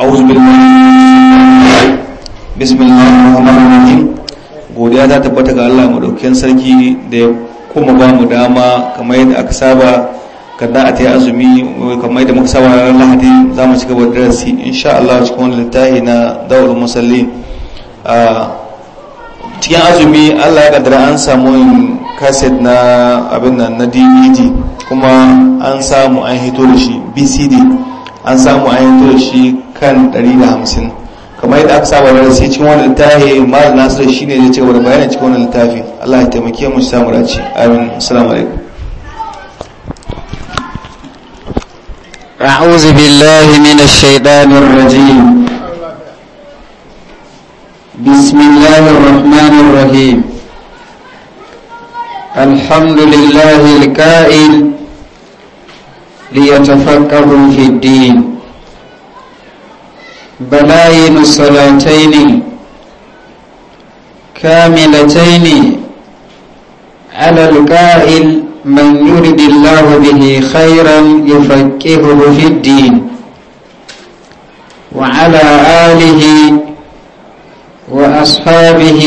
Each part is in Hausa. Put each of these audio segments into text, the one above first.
أعوذ بالله بسم الله الرحمن godiya ta tabbata ga Allah madaukakin sarki da ya kuma ba mu dama kamar yadda aka saba kada a ta azumi kamar yadda muka saba ranar Lahadi za mu ci gaba da darasi insha Allah cikin wani littafi na Dawul Musalli a cikin azumi Allah ya kaddara an samu yin kaset na abin nan na DVD kuma an samu an hito da shi BCD an samu an hito da shi kan 150 kamar yadda aka saba da sai cikin wani littafi mal nasiru shine zai ce wani bayani cikin wani littafi Allah ya taimake mu samu raci amin assalamu alaikum أعوذ بالله من الشيطان الرجيم بسم الله الرحمن الرحيم الحمد لله الكائن ليتفكروا في الدين بلاين الصلاتين كاملتين على القائل من يرد الله به خيرا يفكهه في الدين وعلى آله وأصحابه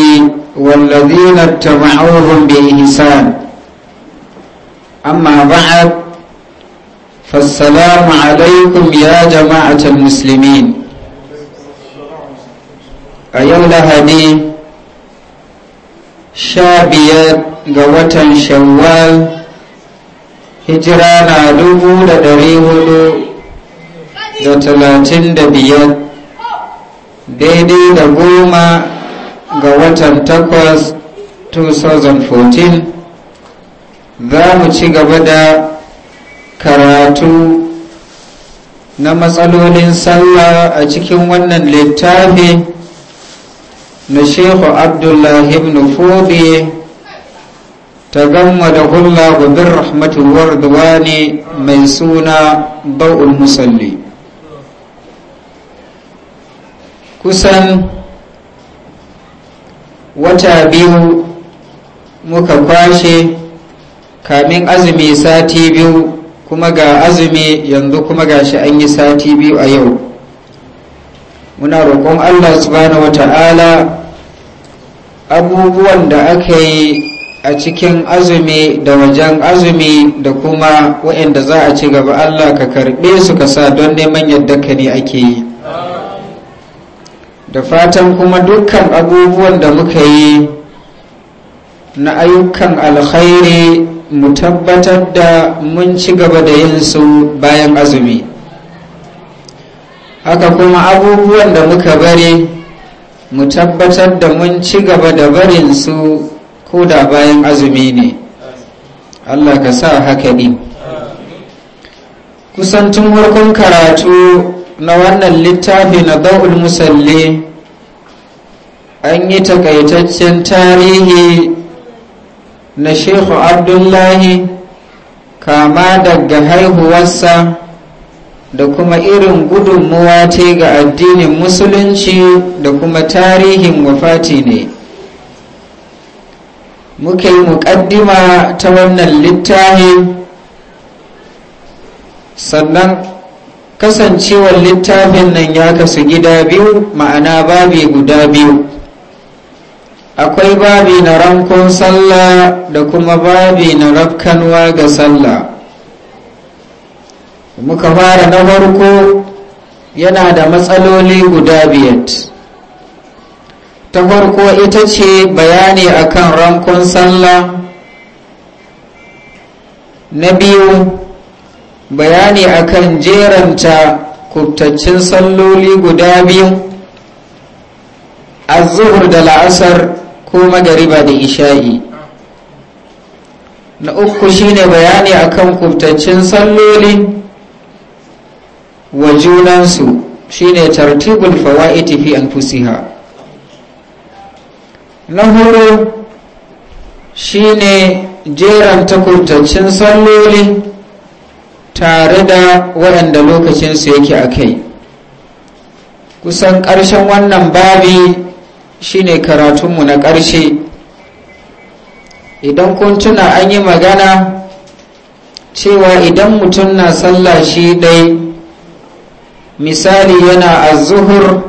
والذين اتبعوهم بإحسان أما بعد فالسلام عليكم يا جماعة المسلمين a yau lahadi sha biyar ga watan shawwal hijira na dubu da dari hudu da talatin da biyar daidai da goma ga watan takwas 2014 za mu ci gaba da karatu na matsalolin sallah a cikin wannan littafi na shehu abdullahi ibn ta gamma da hulla gobin rahmatul warduwa ne mai suna ba'ul musalli kusan wata biyu muka kwashe kamin azumi sati biyu kuma ga azumi yanzu kuma ga shi an yi sati biyu a yau muna roƙon allah subhanahu wa ta'ala abubuwan da aka yi a cikin azumi da wajen azumi da kuma waɗanda za a ci gaba Allah ka karɓe su ka sa don neman yadda ka ne ake yi da fatan kuma dukkan abubuwan da muka yi na ayyukan alkhairi mu tabbatar da mun ci gaba da yin su bayan azumi haka kuma abubuwan da muka bari mu tabbatar da mun ci gaba da barin su ko da bayan azumi ne Allah ka sa haka ne kusan tun warkon karatu na wannan littafi na da'ul musalli an yi takaitaccen tarihi na shehu abdullahi kama daga haihuwarsa da kuma irin gudunmuwa ce ga addinin musulunci da kuma tarihin wafati ne muka yi muƙaddima ta wannan littafin sannan kasancewar littafin nan ya kasu gida biyu ma'ana babi guda biyu akwai babi na rankon sallah da kuma babi na rafkanwa ga sallah muka fara na farko yana da matsaloli guda biyar ta farko ita ce bayani akan rankon sallah na biyu bayani akan jeranta kubtaccen salloli guda biyu azuhur da la'asar ko magariba da isha'i na uku shine bayani akan kubtaccen salloli wa junansu shine tartibul fawaiti fi anfusiha na shine jeran takuntaccen salloli tare da waɗanda lokacinsu yake a kai kusan ƙarshen wannan babi shine karatunmu na ƙarshe idan kun tuna an yi magana cewa idan mutum na sallashi shi ɗai misali yana azuhur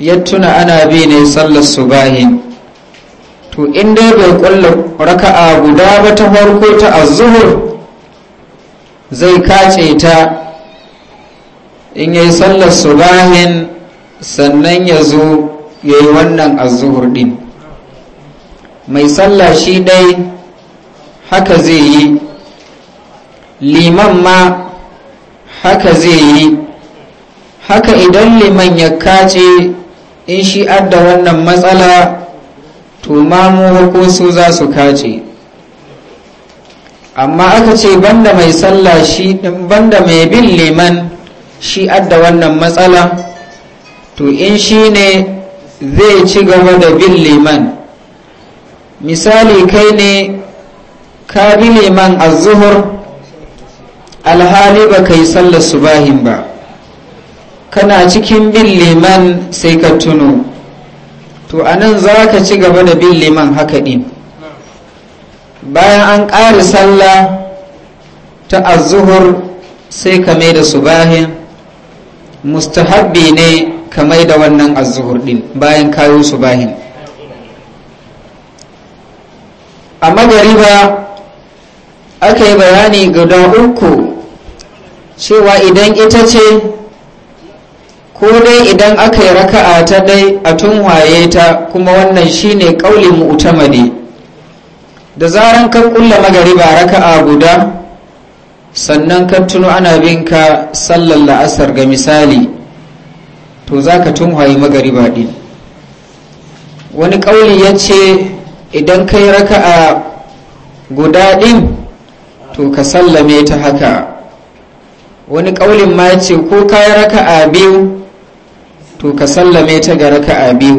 ya tuna ana bi ne sallar subahi to in dai bai kulla raka'a guda ba ta farko ta azuhur zai kace ta in yi sallar subahin sannan ya zo ya yi wannan azuhur din mai salla shi dai haka zai yi liman ma haka zai yi haka idan liman ya kace in shi adda wannan matsala to mamu ko su za su kace amma aka ce banda mai sallah shi banda mai bin liman shi adda wannan matsala to in shi ne zai ci gaba da bin liman misali kai ne ka bi liman zuhur alhali ba yi sallar subahin ba kana cikin bin liman sai ka tuno to anan za ka ci gaba da bin liman haka ɗin bayan an ƙari sallah ta azuhur sai ka mai da subahin mustahabbi ne ka mai da wannan azuhur ɗin bayan kayo subahin a magariba aka yi bayani guda uku cewa idan ita ce ko dai idan aka yi raka'a ta dai a tunwaye ta kuma wannan shine kauli mu'tamadi da zaran ka kulla magariba raka'a guda sannan ka tuno ana binka sallar la'asar ga misali to za ka tunwaye magariba din wani kauli ya ce idan ka yi raka'a guda din to ka sallame ta haka wani kaulin ma ya ce ko ka raka'a biyu to ka sallame ta ga raka'a biyu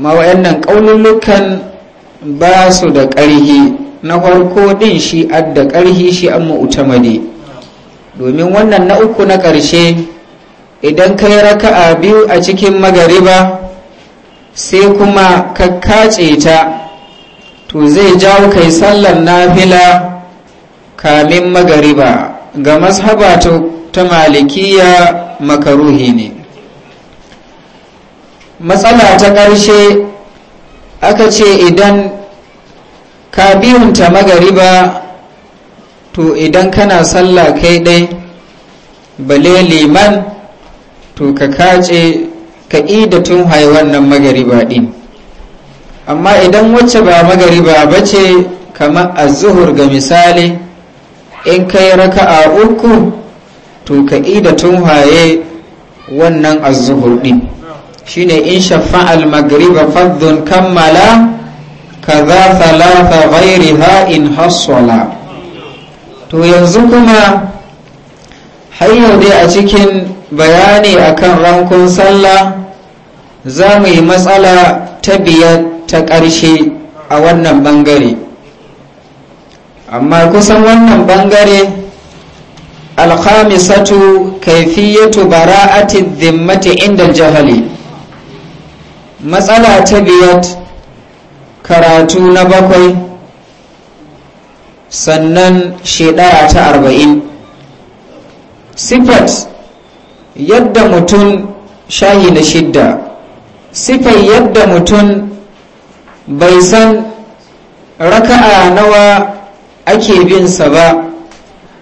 ma wayannan kaululukan ba su da ƙarhi na farko din shi adda ƙarhi shi an mu'tamadi domin wannan na uku na ƙarshe idan ka yi raka'a biyu a cikin magariba sai kuma ka kace ta to zai jawo kai sallar nafila kamin magariba ga mazhaba ta malikiya makaruhi ne matsala ta ƙarshe aka ce idan ka biyunta magariba to idan kana sallah kai ɗai bale liman to ka kace ka ida tun wannan magariba ɗin amma idan wacce ba magariba ba ce kamar azuhur ga misali in kai raka'a uku to ka ida tun haye wannan azuhur ɗin shine in shafa'a al-maghriba fadhun kammala kaza thalatha ghayriha in hasala to yanzu kuma har yau dai a cikin bayani akan rankun sallah za mu yi matsala ta biyar ta ƙarshe a wannan bangare amma kusan wannan bangare alkhamisatu kaifiyatu bara'atin zimmati inda jahali matsala ta biyar karatu na bakwai sannan shekara ta arba'in sifat yadda mutum shahi na shidda sifai yadda mutum bai san raka'a nawa ake binsa ba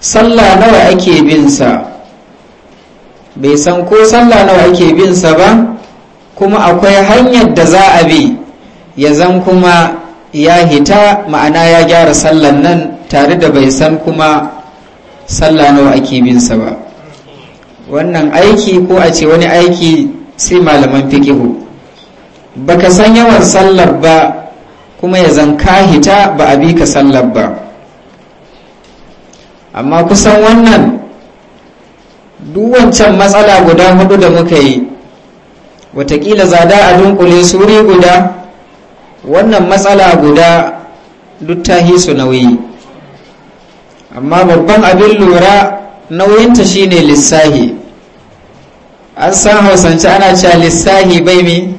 sallah nawa ake binsa bai san ko sallah nawa ake binsa ba kuma akwai hanyar da za a bi ya zan kuma ya hita ma'ana ya gyara sallan nan tare da bai san kuma sallah nawa ake binsa ba wannan aiki ko a ce wani aiki sai malaman fikihu baka san yawan sallar ba kuma ya zan ka hita ba a bi ka sallar ba amma kusan wannan duk matsala guda hudu da muka yi watakila zada a dunkule suri guda wannan matsala guda duk su nauyi amma babban abin lura nauyinta shine lissahi an san hausance ana cewa lissahi bai mi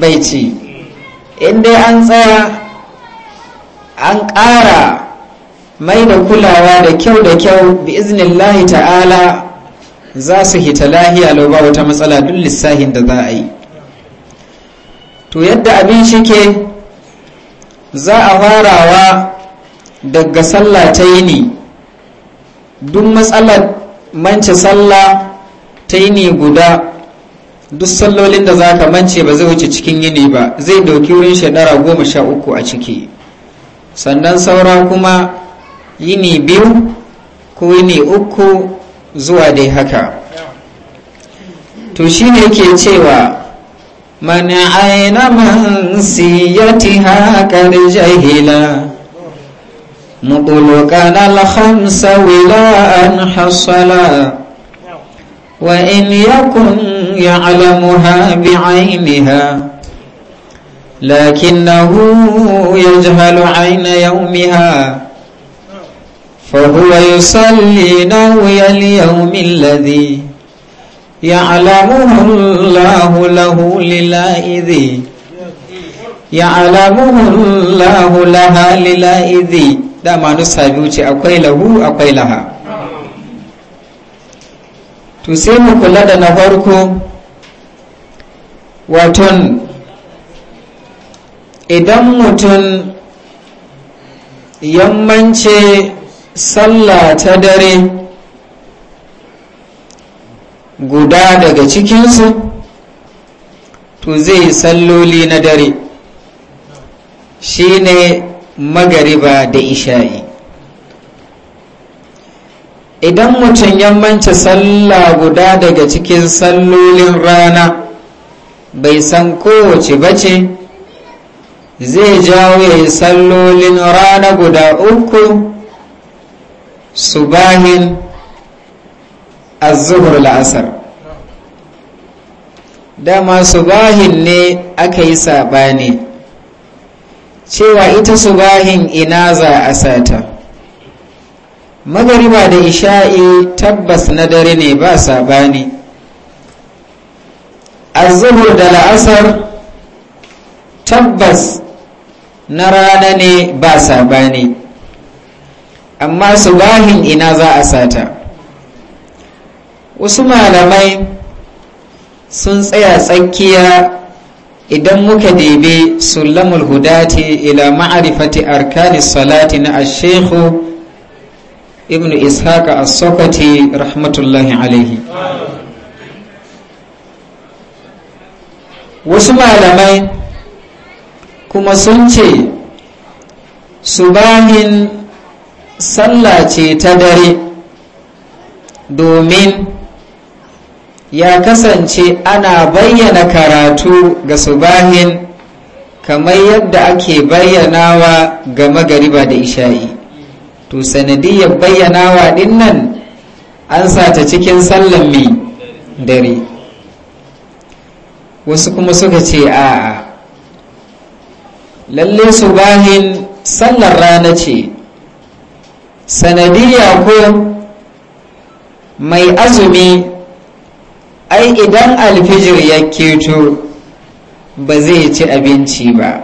bai ci inda an tsaya an ƙara mai da kulawa da kyau da kyau bi iznillahi ta'ala za su hita lahiya lauba wata matsala duk lissahin da za a yi to yadda abin shi ke za a farawa daga sallah ta yini duk matsalar mance sallah ta yini guda duk sallolin da za ka mance ba zai wuce cikin yini ba zai dauki wurin shekara goma sha uku a ciki sannan saura kuma yini biyu ko yini uku zuwa dai haka to shi ne ke cewa man aina man siyati haka da jahila mutulukan alhamsa wila an hasala wa in yakun ya alamuha bi ainiha lakinahu ya jahalu aina ha. فهو يصلي نوي اليوم الذي يعلمه الله له للائذ يعلمه الله لها للائذ dama nusa biyu ce akwai lahu akwai laha to sai mu kula da na farko waton idan mutum yammance sallah ta dare guda daga cikinsu to zai salloli na dare shine magariba da isha'i idan mutum ya manta sallah guda daga cikin sallolin rana bai san kowace bace zai jawo ya yi sallolin rana guda uku subahin azuhur la'asar dama subahin ne aka yi sabani cewa ita subahin ina za a sata magariba da isha'i tabbas na dare ne ba sabani azuhur da la'asar tabbas na rana ne ba sabani amma subahin ina za a sata wasu malamai sun tsaya tsakiya idan muka debe sulamul hudati ila ma'arifati arkani salati na ashehu ibn ishaq as-sokati rahmatullahi alaihi wasu malamai kuma sun ce subahin Salla ce ta dare domin ya kasance ana bayyana karatu ga subahin kamar yadda ake bayyanawa ga magariba da isha'i to sanadiyar bayyanawa din nan an sata cikin sallan mai dare wasu kuma suka ce a'a lalle subahin sallar rana ce sanadiyya ko mai azumi ai idan alfijir ya keto ba zai ci abinci ba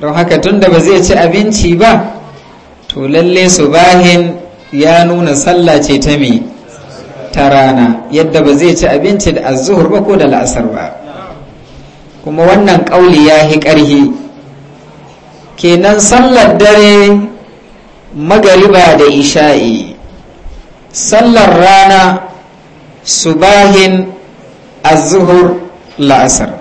don haka tun da ba zai ci abinci ba to lalle su bahin ya nuna sallah ce ta mai ta rana yadda ba zai ci abinci da azuhur ba ko da la'asar ba kuma wannan ƙauli ya hi ƙarhi kenan sallar dare magariba da isha'i sallar rana subahin azuhur la'asar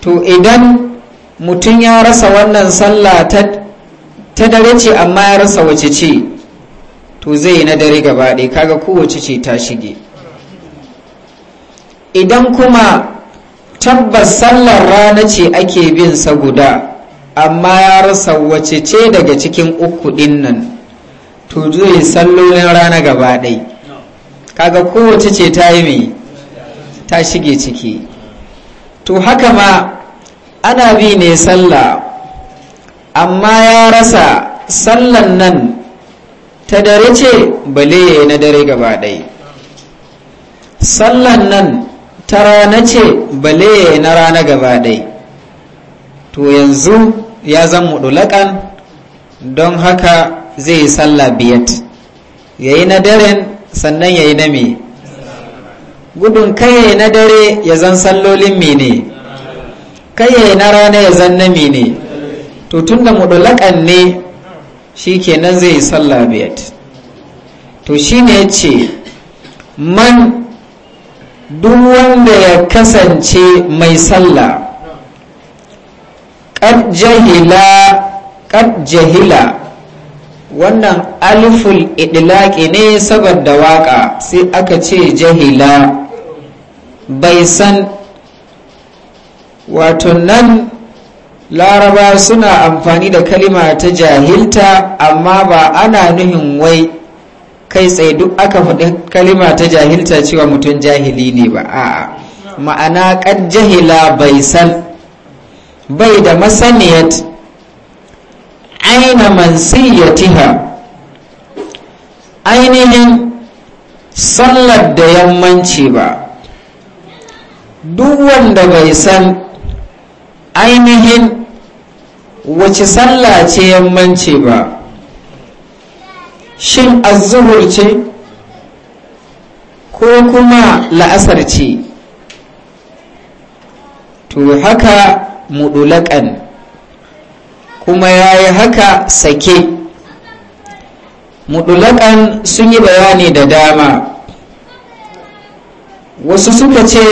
to idan mutum ya rasa wannan sallah ta dare ce amma ya rasa wace ce to zai na dare gaba ɗaya kaga kowace ce ta shige idan kuma tabbas sallar rana ce ake bin sa guda amma ya rasa wace ce daga cikin uku ɗin nan to zai sallolin rana gaba ɗai kaga kowace ce ta yi mai ta shige ciki to haka ma ana bi ne sallah amma ya rasa sallan nan ta dare ce bale na dare gaba ɗai sallan nan ta rana ce bale na rana gaba ɗai to yanzu ya zan mudulakan don haka zai yi sallah biyat ya yi na daren sannan ya yi na me gudun kai na dare ya zan sallolin mene kai na rana ya zan na ne. to tun da mudulakan ne shi kenan zai yi sallah biyat to shi ne ya ce man duk wanda ya kasance mai sallah Kad jahila wannan alful idlaki ne saboda waka sai aka ce jahila bai san wato nan laraba suna amfani da kalima ta jahilta amma ba ana nuhin wai kai tsaye duk aka faɗi kalima ta jahilta cewa mutum jahili ne ba a'a ma'ana kan jahila bai san bai da masaniyat aina mansiyatiha ainihin sallar da yammanci ba duk wanda bai san ainihin wace sallah ce yammanci ba shin azuhur ce ko kuma la'asar ce to haka mudulakan kuma ya yi haka sake mudulakan sun yi bayani da dama wasu suka ce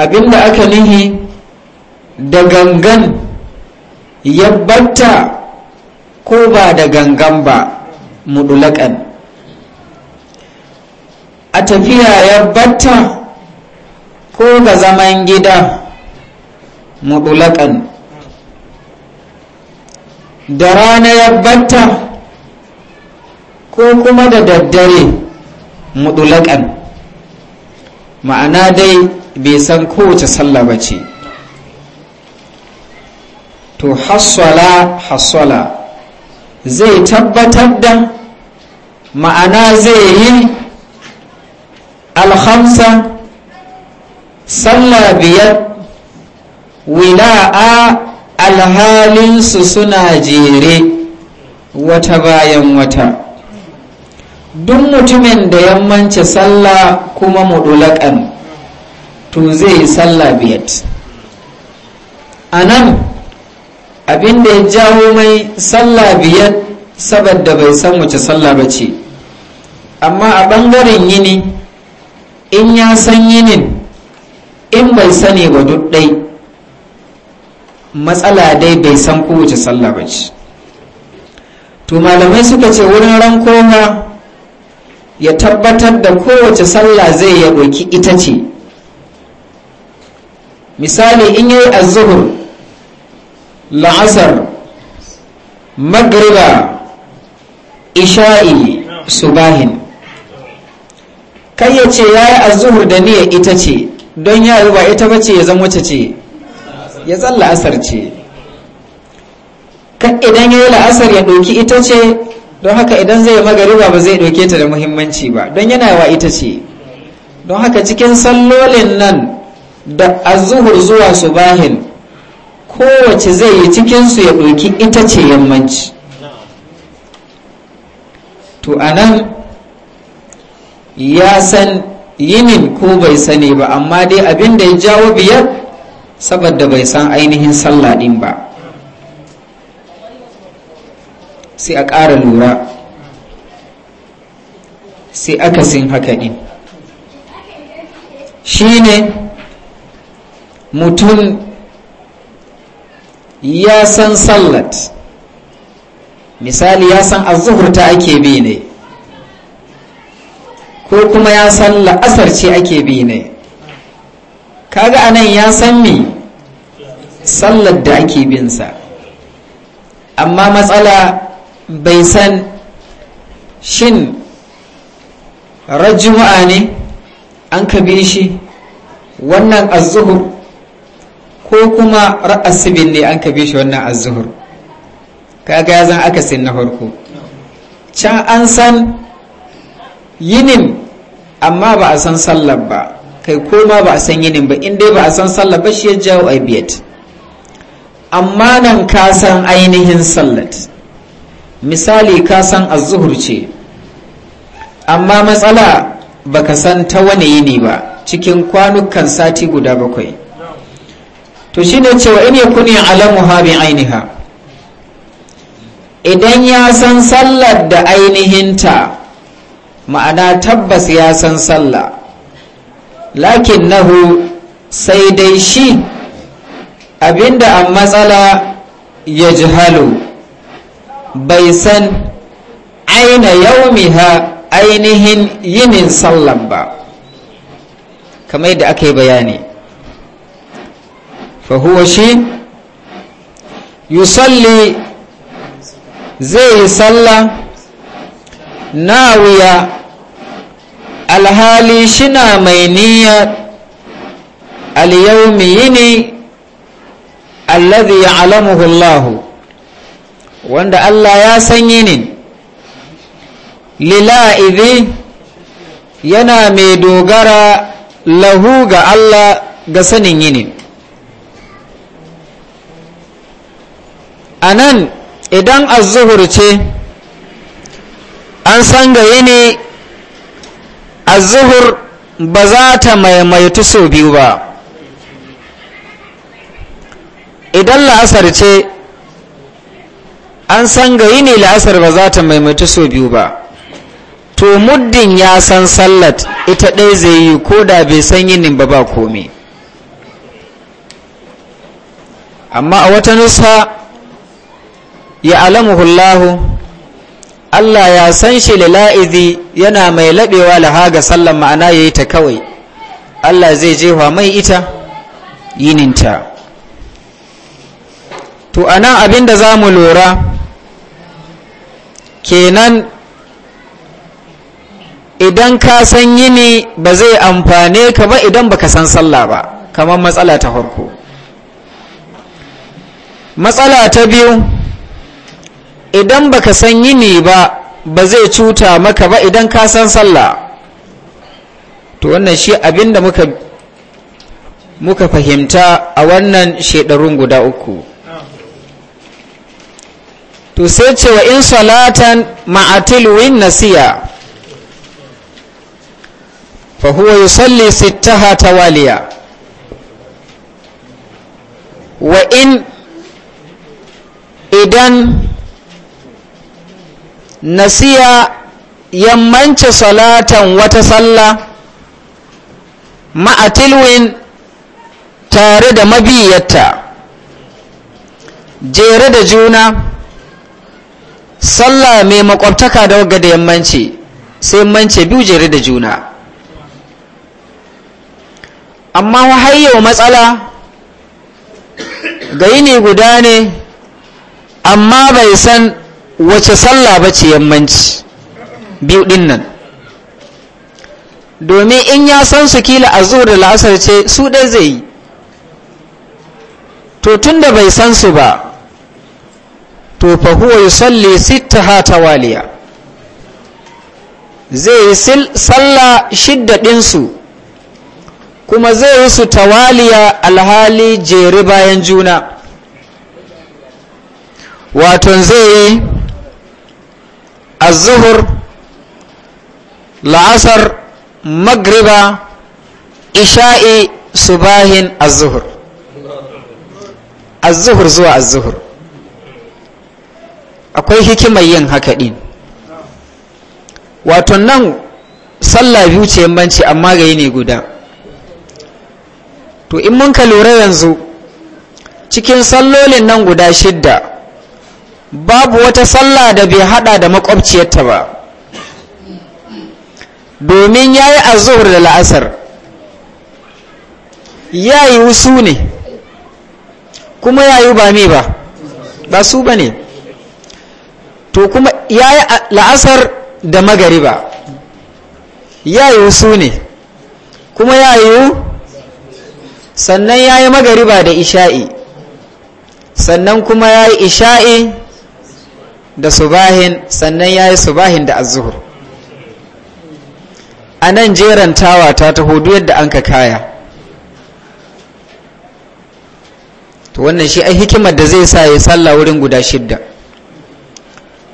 abinda aka nihi da gangan ya batta ko ba da gangan ba mudulakan a tafiya ya batta ko ga zaman gida mutulakan da rana ya batta ko kuma da daddare mutulakan ma'ana dai bai san kowace sallah ba ce to hassala hassala zai tabbatar da ma'ana zai yi alhamsa sallah biyar wila'a alhalinsu suna jere wata bayan wata duk mutumin da yammanci sallah kuma mudulakan to zai yi sallah biyat a nan abinda ya jawo mai sallah biyat saboda bai san wace sallah ba ce amma a ɓangaren yini in ya san yinin in bai sani ba duk ɗai matsala dai bai san kowace sallah ba ce to malamai suka ce wurin rankoma ya tabbatar da kowace sallah zai ya ɗauki ita ce misali in yi azuhur la'asar magriba isha'i subahin kai ya ce ya yi azuhur da niyya ita ce don ya ba ita bace ya zama wace ce ya zan la'asar ce idan ya yi la'asar ya ɗauki ita ce don haka idan zai magariba ba zai ɗauke ta da muhimmanci ba don yana wa ita ce don haka cikin sallolin nan da azuhur zuwa su bahin kowace zai yi cikinsu ya ɗauki ita ce yammanci to a nan ya san yinin ko bai sani ba amma dai abin da ya jawo biyar saboda bai san ainihin sallah ɗin ba sai a ƙara lura sai aka sin haka din. shi ne mutum ya san sallat misali ya san azuhur ta ake bi ne ko kuma ya san la'asar ce ake bi ne kaga anan ya san me sallar da ake bin sa amma matsala bai san shin rajmu'a ne an ka bi shi wannan azuhur ko kuma ra'asibin ne an ka bi shi wannan azuhur kaga ya zan akasin na farko can an san yinin amma ba a san sallar ba kai ko ma ba a san yinin ba in dai ba a san sallah ba shi ya jawo aibiyat amma nan ka san ainihin sallat misali ka san azuhur ce amma matsala baka san ta wane yini ba cikin kwanukan sati guda bakwai to shine cewa in ya yakuni alamu bi ainiha idan ya san sallar da ainihinta ma'ana tabbas ya san sallah lakin nahu sai dai shi abinda a matsala ya jihalu bai san aina yaumiha ainihin yinin sallan ba kamar yadda aka yi bayani fahuwa shi yusalli zai yi sallah nawiya alhali shina mai niyya alyawmi yini alladhi ya'lamuhu Allah wanda Allah ya san yinin lila'idhi yana mai dogara lahu ga Allah ga sanin yini anan idan az-zuhur ce an san ga yini azuhur ba za ta maimaitu sau biyu ba idan la'asar ce an san gayi ne la'asar ba za ta maimaitu sau biyu ba to muddin ya san sallat ita ɗaya zai yi ko da bai san yi ba ba komi amma a wata nusa ya alamu hullahu. Allah ya san shi lila'izi yana mai laɓewa laha ga sallan ma'ana ya yi ta kawai Allah zai je wa mai ita yininta to a abin da za mu lura kenan idan ka san yini ba zai amfane ka ba idan baka san sallah ba kamar matsala ta farko matsala ta biyu idan baka san yini ba ba zai cuta maka ba idan ka san sallah to wannan shi abinda muka muka fahimta a wannan shedarun guda uku to sai cewa in salatan win nasiya fa huwa yusalli sittaha tawaliya wa in idan nasiya yammance salatan wata sallah ma'atilwin tare da mabiyatta jere da juna sallah mai makwabtaka da wagga da yammanci sai mance biyu jere da juna amma wahayyau matsala ga yini guda ne amma bai san wace sallah ba ce yammanci biyu ɗin nan domin in ya san su kila a zuwa da la'asar ce su ɗai zai yi to tun da bai san su ba to fa huwa ha ta tawaliya zai yi sallah shidda ɗinsu kuma zai yi su tawaliya alhali jere bayan juna waton zai yi azuhur la'asar magriba isha'i subahin azuhur zuhur zuwa azuhur akwai hikimar yin haka din. wato nan sallah biyu ce banci amma gayi ne guda to in mun ka lura yanzu cikin sallolin nan guda shidda babu wata sallah da bai hada da makwabciyarta ba domin ya yi zuhur da la'asar ya yi wusu ne kuma ya yi ba mai ba ba su ba ne to kuma ya yi la'asar da magari ba ya yi wusu ne kuma ya yi sannan ya yi magari ba da isha'i sannan kuma ya yi isha'i da subahin sannan ya yi subahin da azuhur a nan jerantawa ta taho yadda an ka kaya to wannan shi ai hikimar da zai sa ya salla wurin guda shidda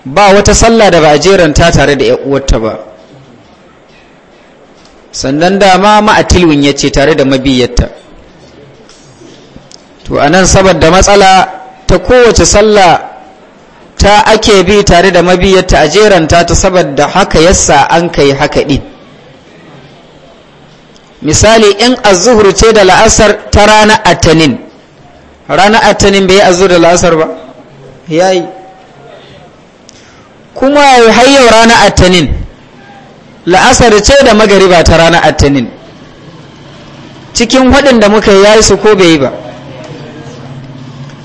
ba wata salla da ba a jeranta tare da uwarta ba sannan dama ma'atilwin ya ce tare da mabiyyarta to a nan saboda matsala ta kowace salla ta ake bi tare da mabiyarta a jeranta ta saboda haka yasa an kai haka din. misali in azuhur ce da la'asar ta rana atanin rana atanin bai azu da la'asar ba yayi kuma hayyau rana atanin la'asar ce da magariba ta rana atanin cikin muka da muka yayi su ko bai yi ba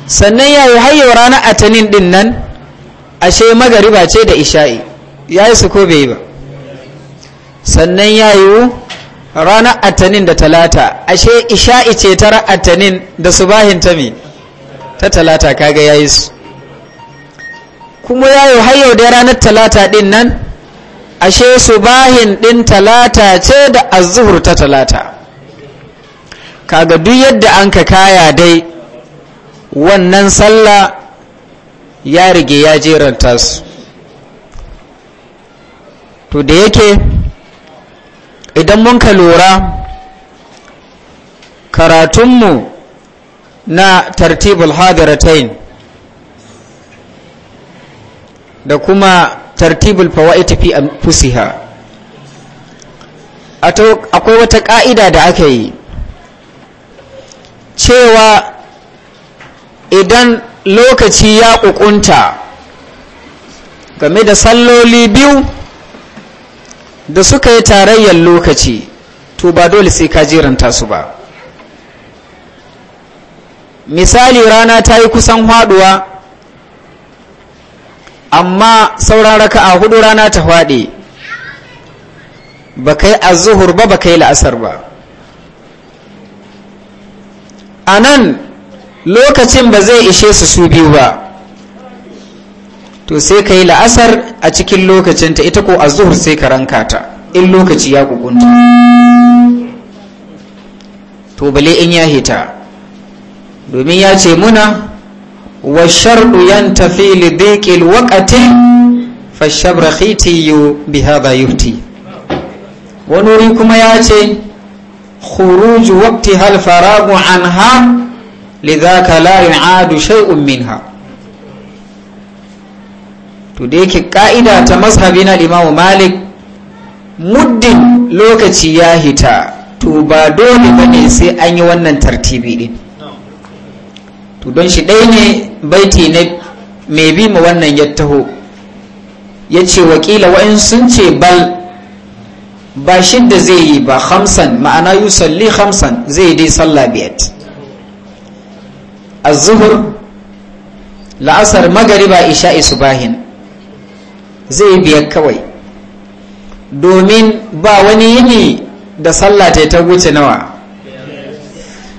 sannan yayi hayyau rana atanin din nan ashe magariba ce da isha'i ya yi su ko bai ba sannan ya yiwu ranar atanin da talata ashe isha'i ce ta atanin da su bahin ta me ta talata kaga ya yi su kuma ya yi har yau da ranar talata din nan ashe su bahin din talata ce da azuhur ta talata kaga duk yadda an ka kaya dai wannan sallah ya rige ya jeranta su to da yake idan mun ka lura karatunmu na tartibul hadiratain da kuma tartibul fawaiti fi anfusiha akwai wata ƙa'ida da aka yi cewa idan lokaci ya ƙuƙunta game da salloli biyu da suka yi tarayyar lokaci to ba dole sai ka jiranta su ba misali rana ta yi kusan haɗuwa amma sauran raka a hudu rana ta haɗe ba kai azuhur ba ba kai la'asar ba a nan lokacin ba zai ishe su su biyu ba to sai ka yi la'asar a cikin lokacinta ita ko a zuhur sai ka ranka ta in lokaci ya kukunta to bale in ya hita domin ya ce muna wa sharɗu yan tafi lidiƙil waƙatin fashabra yi bi haɗa yufti wani wuri kuma ya ce khuruju waqti hal faragu ha lidhaka la yu'adu shay'un minha to da yake ka'ida ta mazhabi na imamu malik muddin lokaci ya hita to ba dole bane sai an yi wannan tartibi din to don shi ɗaya ne baiti na mai bi ma wannan ya taho ya ce wakila wa'in sun ce bal ba shidda zai yi ba hamsan ma'ana yusalli hamsan zai dai sallah biyat الظهر zuhur la'asar magariba isha'i زي zai biyar kawai domin ba wani yini da sallah ta ta wuce nawa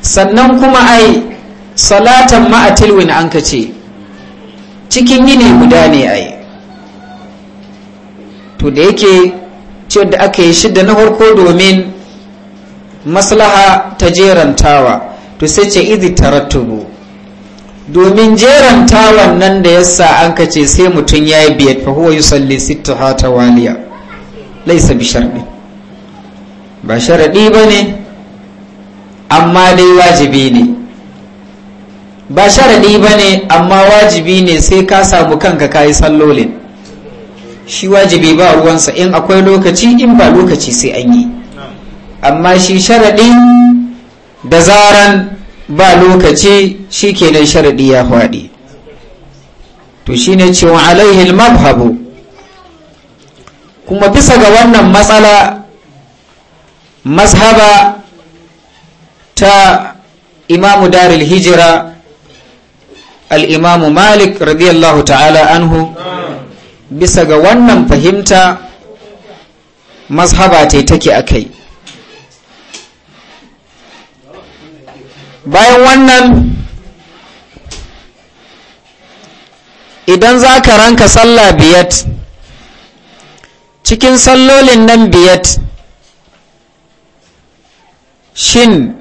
sannan kuma ai salatan ma'atilwin an ka ce cikin yini guda ne ai to da yake ce da aka yi shida na farko domin maslaha ta jerantawa to sai ce izi tarattubu domin jeran tawan nan da yasa an ka ce sai mutum ya yi biyar fa huwa yusalli ha hata waliya laisa bi sharɗi ba sharaɗi ba ne amma dai wajibi ne ba sharaɗi ba ne amma wajibi ne sai ka samu kanka ka yi sallolin shi wajibi ba ruwansa in akwai lokaci in ba lokaci sai an yi amma shi sharaɗi da zaran ba lokaci shi nan sharaɗi ya faɗi to shi ne cewa alaihil mabhabu kuma bisa ga wannan matsala mazhaba ta imamu daril hijira al'imamu malik radiyallahu ta'ala anhu bisa ga wannan fahimta mazhaba ta take a kai bayan wannan idan za ka ranka sallah biyat cikin sallolin nan biyat shin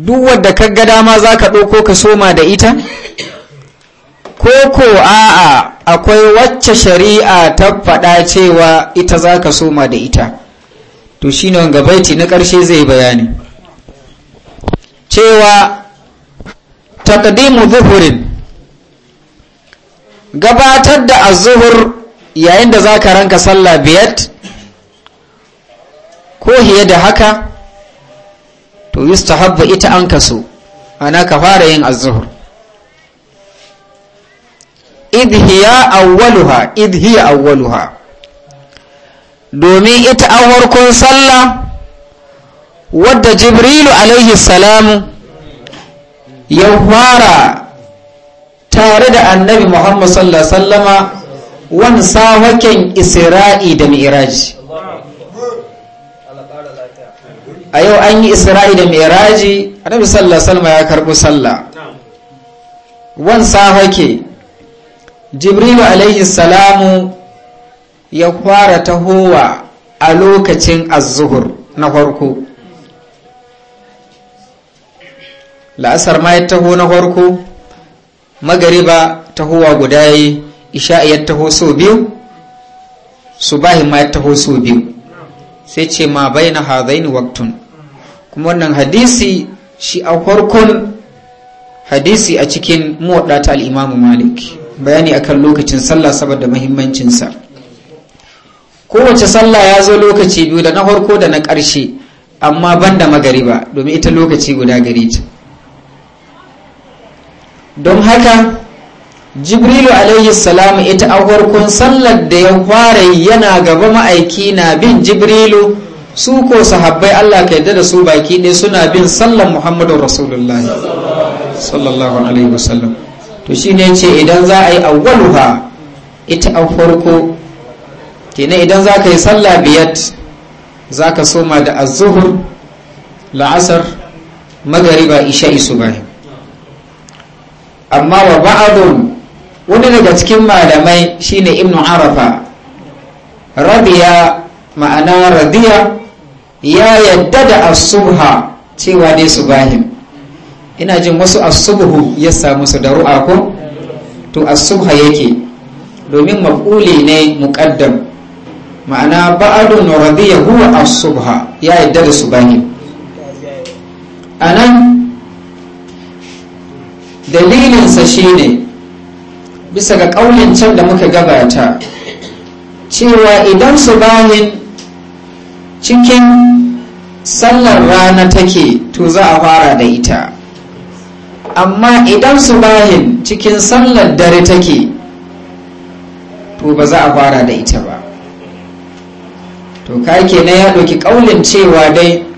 duk wadda ka ga dama za ka ɗauko ka soma da ita ko ko a'a akwai wacce shari'a ta faɗa cewa ita za ka soma da ita to shi ne wanga baiti na ƙarshe zai bayani cewa taqdimu zuhurin gabatar da azuhur yayin da zaka ka ranka sallah biyat ko hiye da haka to yustahabbu ita an kaso ana ka fara yin azuhur idhiya awwaluha idhiya awwaluha domin ita an sallah wadda jibrilu alaihi salamu ya fara tare da annabi muhammad sallallahu sallama wani sawaken isra'i da mi'iraji a yau an yi isra'i da mi'iraji annabi sallallahu sallama ya karɓi sallah wani ke jibrilu alaihi salamu ya fara tahowa a lokacin azuhur na farko la'asar ma taho na farko magariba tahowa guda ya yi isha'i taho so biyu subahi ma ya taho so biyu sai ce ma bai na hazaini waktun kuma wannan hadisi shi a farkon hadisi a cikin muwaɗa ta al'imamu malik bayani akan lokacin sallah saboda mahimmancinsa kowace sallah ya zo lokaci biyu da na farko da na ƙarshe amma ban da magariba domin ita lokaci guda gare ta don haka jibrilu alayhi salam ita a farkon sallar da ya fara yana gaba ma'aiki na bin jibrilu su ko sahabbai Allah ka yadda da su baki ne suna bin sallar muhammadu rasulullahi sallallahu alaihi wasallam to shi ne ce idan za a yi awwaluha ita a farko kenan idan za ka yi sallah biyat za ka soma da azuhur la'asar magariba isha'i subahin amma wa ba'adun wani daga cikin malamai shine ibnu arafa rabiya ma'ana radiya ya yadda da asubha cewa su bahin ina jin wasu asubhu ya samu su da ru'a ko to asubha yake domin maf'uli ne muqaddam ma'ana ba'adun radiya huwa asubha ya yadda da su a anan dalilinsa shine bisa ga ƙaunin can da muka gabata cewa idan su bayan cikin sallar rana take to za a fara da ita amma idan su bayan cikin sallar dare take to ba za a fara da ita ba to ka ke na ya ɗauki ƙaunin cewa dai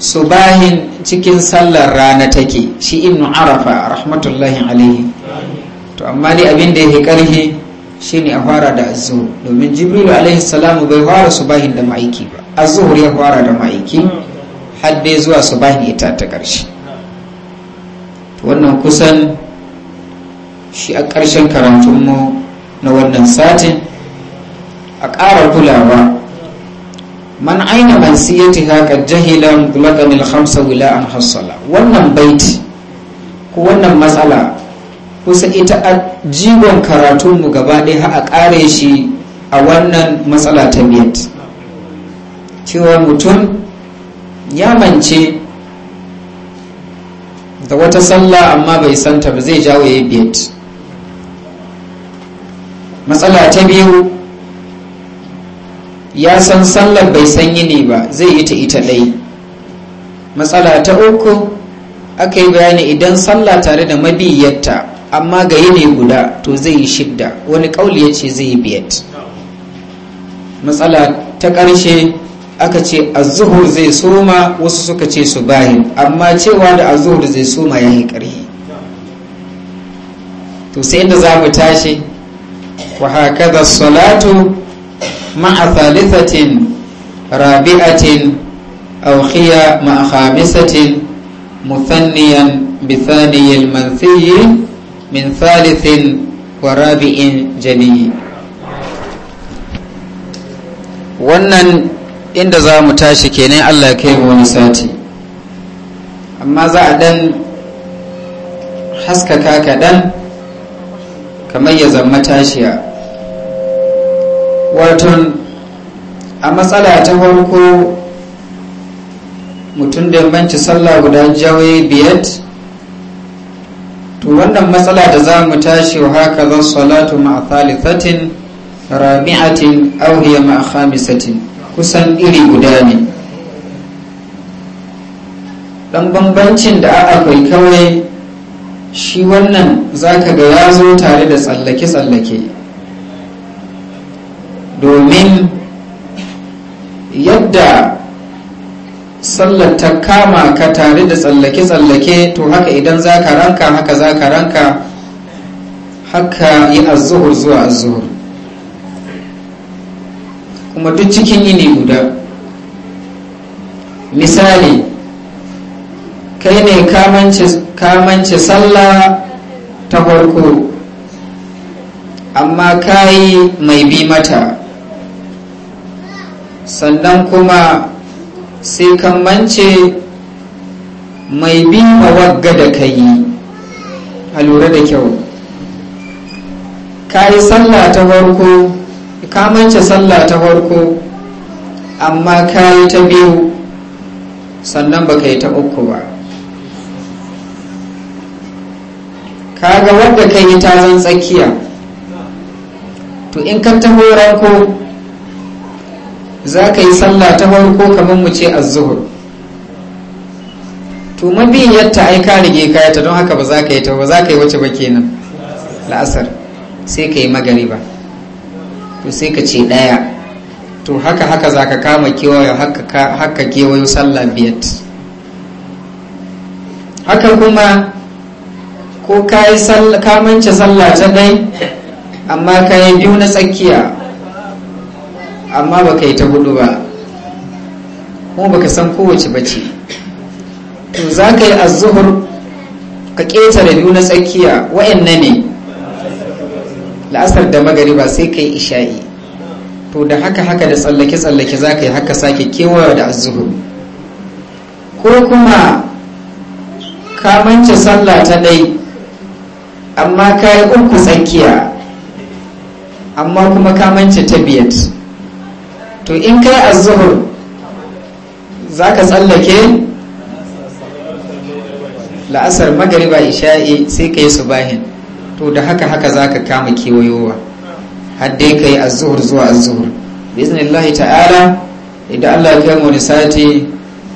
subahin cikin sallar rana take shi ibn arafa rahmatullahi alaihi to amma dai abin da yake karhe shine a fara da azhur domin jibrilu alaihi salamu bai fara subahin da ma'aiki ba azhur ya fara da ma'aiki har dai zuwa subahin ita ta karshe wannan kusan shi a karshen karantunmu na wannan satin a ƙara kulawa man aina siyati haka jahilan bulaganil hamsa wila an hasala wannan baiti ko wannan matsala kusa ita a jigon karatunmu gaba ɗaya a ƙare shi a wannan matsala ta biyat cewa mutum ya mance da wata sallah amma bai santa ba zai jawo ya biyat matsala ta biyu ya san sallar bai san ne ba zai yi ta ita ɗai matsala ta uku aka yi bayani idan sallah tare da mabiyyarta amma ga ne guda to zai yi shidda wani ƙauli ya ce zai yi biyat matsala ta ƙarshe aka ce azuhur zai soma wasu suka ce su bayan amma cewa da azuhur zai soma ya yi ƙarhi to sai inda za mu tashi wa haka salatu مع ثالثة رابعة أو خيا مع خامسة مثنيا بثاني المنثي من ثالث ورابع جني wannan inda za mu tashi kenan allah kai mu wani sati amma za a dan haskaka kaɗan kamar ya zama tashiya waton a matsala ta farko mutum da banci sallah guda jawai biyat to wannan matsala da za mu tashi wa haka zan salatu ma'a thalithatin rabi'atin auhiya ma'a khamisatin kusan iri guda ne dan bambancin da aka kai kawai shi wannan za ka ga ya zo tare da tsallake-tsallake domin yadda sallar ta kama ka tare da tsallake-tsallake to haka idan za ka ranka haka za ka ranka haka yi azuhur zuwa azuhur kuma duk cikin ne guda misali kai ne kamance sallah ta farko amma kayi mai bi mata sannan kuma sai kammance mance mai bin mawagga da ka yi a lura da kyau ka yi sallah ta farko ka mance sallah ta farko amma ka yi ta biyu sannan ba ka yi ta uku ba Ka ga wadda ka yi ta zan tsakiya to in ka taho ranko za ka yi sallah ta farko kamar mu ce azzuhur to mabiyin yadda ai ka rige ka ta don haka ba za ka yi ta ba za ka yi wace ba kenan la'asar sai ka yi magari ba, to sai ka ce ɗaya to haka haka za ka kama kewayo haka kewayo sallah biyat haka kuma ko ka yi kamance sallah ta dai, amma ka yi biyu na tsakiya amma baka yi ta hudu ba kuma baka san kowace bace to za ka yi azuhur ka ƙetare biyu na tsakiya wa'annan ne la'asar da ba sai ka yi isha'i to da haka haka da tsallake-tsallake za ka yi haka sake kewa da azuhur ko kuma kamance sallah ta dai amma ka yi uku tsakiya amma kuma kamance ta biyat to in kai azuhur za ka tsallake la'asar magariba isha'i sai ka yi su subahin to da haka haka za ka kama kewayowa har ka yi azuhur zuwa azuhur biznillahi ta'ala idan allah ya mu sati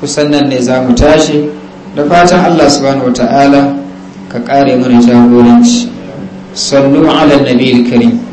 kusan nan ne za mu tashi da fatan allah subhanahu wa ta'ala ka kare mana jagoranci Sannu ala nabi karim